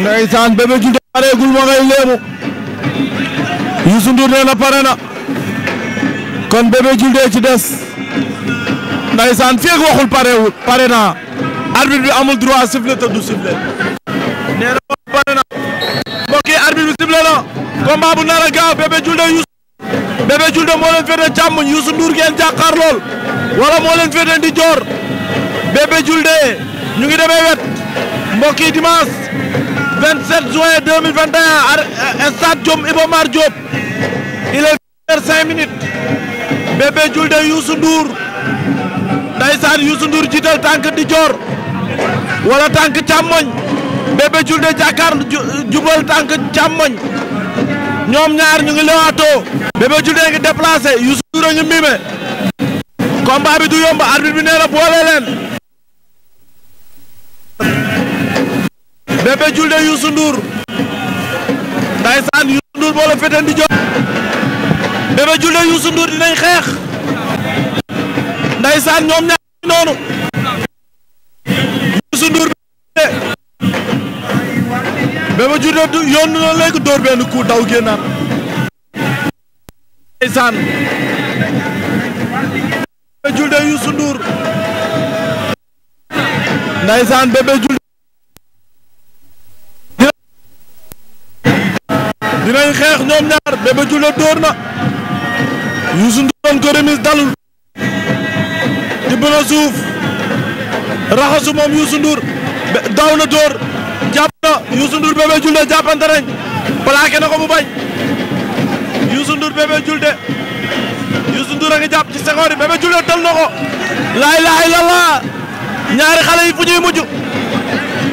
ndeysaan Bébé Diouldé pareegul ma ngay léemu Youssou Ndour nee na pare na kon Bébé Diouldé ci des ndeysaan feeg waxul parewul pare na arbitre bi amul droit siffler te du siffler nee na pare na mbokk yi bi siffler na combat bu nar a gaaw Bébé Diouldé Youssou Bébé Diouldé moo leen féete càmmoñ Youssou Ndour ngeen jàkkaar lool wala moo leen féete ndijoor ñu ngi demee wet mbokk yi 27 juin 2021 à stade Diom Iba Mar Diop Bébé Diouldé Youssou Ndour ndeysaan Youssou Ndour jiital tànk di joor wala tànk càmmoñ Bébé Diouldé jàkkaar jubal tànk càmmoñ ñoom ñaar ñu ngi lewaatoo Bébé Diouldé ngi déplacé Youssou Ndour a ngi mime combat bi du yomb arbitre bi nee na boole leen julde Youssou Ndour ndaysaan Youssou Ndour moo la fete ndi jox Bébé Julde Youssou Ndour dinañ xeex ndaysaan ñoom ñaar noonu Youssou Ndour Bébé Julde yoon na léegi door benn coup daw génnaat ndaysaan Bébé Julde Youssou Ndour ndaysaan Bébé Julde dinañ xeex ñoom ñaar Bébé Diouldé dóor na Youssou Ndour ko remise dalul tibb na suuf raxasu moom Youssou Ndour na dóor jàpp na Youssou Ndour Bébé Diouldé jàppante nañ plaqué na ko mu bañ Youssou Ndour Bébé Diouldé Youssou Ndour a ngi jàpp ci seconde Bébé Diouldé na ko laa ilaaha illallaah ñaari xale yi fu ñuy mujj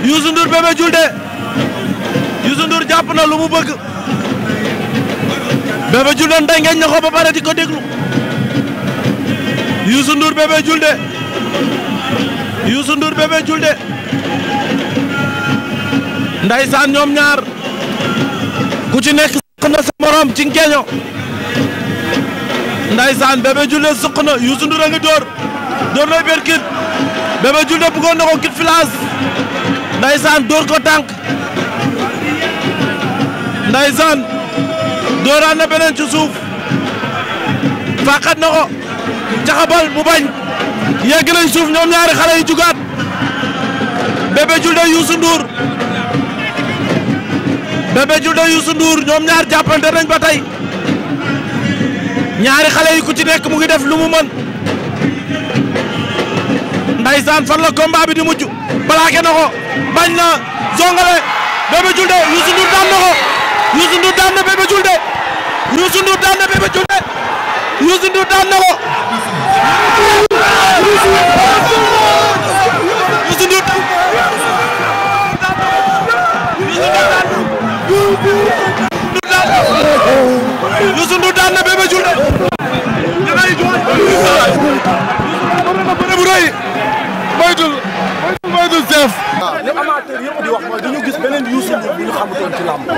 Youssou Ndour Bébé Diouldé jàpp na lu mu bëgg Bébé Diouldé ndengeñ na ko ba pare di ko déglu Youssou Ndour Bébé Diouldé Youssou Ndour Bébé Diouldé ndaysaan ñoom ñaar ku ci nekk sukk na sa morom ci ngeeño ndaysaan Bébé Diouldé sukk na Youssou Ndour a ngi door door na biir kit Bébé Diouldé bëggoon na ko kit filaas ndaysaan door ko tànk ndaysaan dooraat na beneen ci suuf faqat na ko jaxabal mu bañ yegg nañ suuf ñoom ñaari xale yi jugaat Bébé Diouldé Youssou Ndour Bébé Diouldé Youssou Ndour ñoom ñaar jàppante nañ ba tey ñaari xale yi ku ci nekk mu ngi def lumu mu mën ndaysaan fan la combat bi di mujj balaake na ko bañ na zongale Bébé Diouldé Youssou Ndour daan na ko Youssou Ndour daan na Bébé Diouldé Youssou Ndour daan na Bébé Diouldé Youssou Ndour daan na ko Youssou Ndour Youssou Ndour daan na Bébé Diouldé ñay joy bu rëy moytul moytul moytul chef amateur yëpp di wax mooy dañu gis beneen Youssou Ndour bu ñu xamutoon ci làmb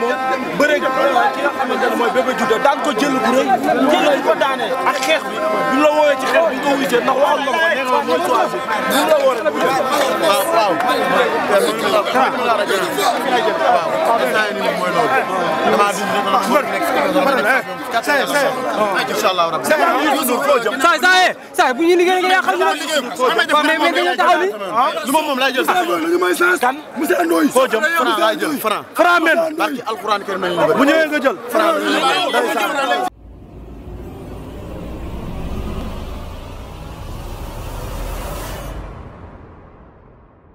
moom bëreeg ki nga xamante ne mooy Bébé Diouldé daan ko jël bu rëy jël bi ko daanee ak xeex bi bu la wooyee ci xeex bi nga wisee ndax waxoon na ko nee na mooy choisi bu la wooyee waaw waaw saay saay saay bu ñu liggéey nga yàqal ñu mais mais dañoo taxaw ni lu ma moom laay jël sax kan monsieur Ndoye foo jëm Franc laay jël Franc Franc men alxuraan kër mel ni bu ñëwee nga jël.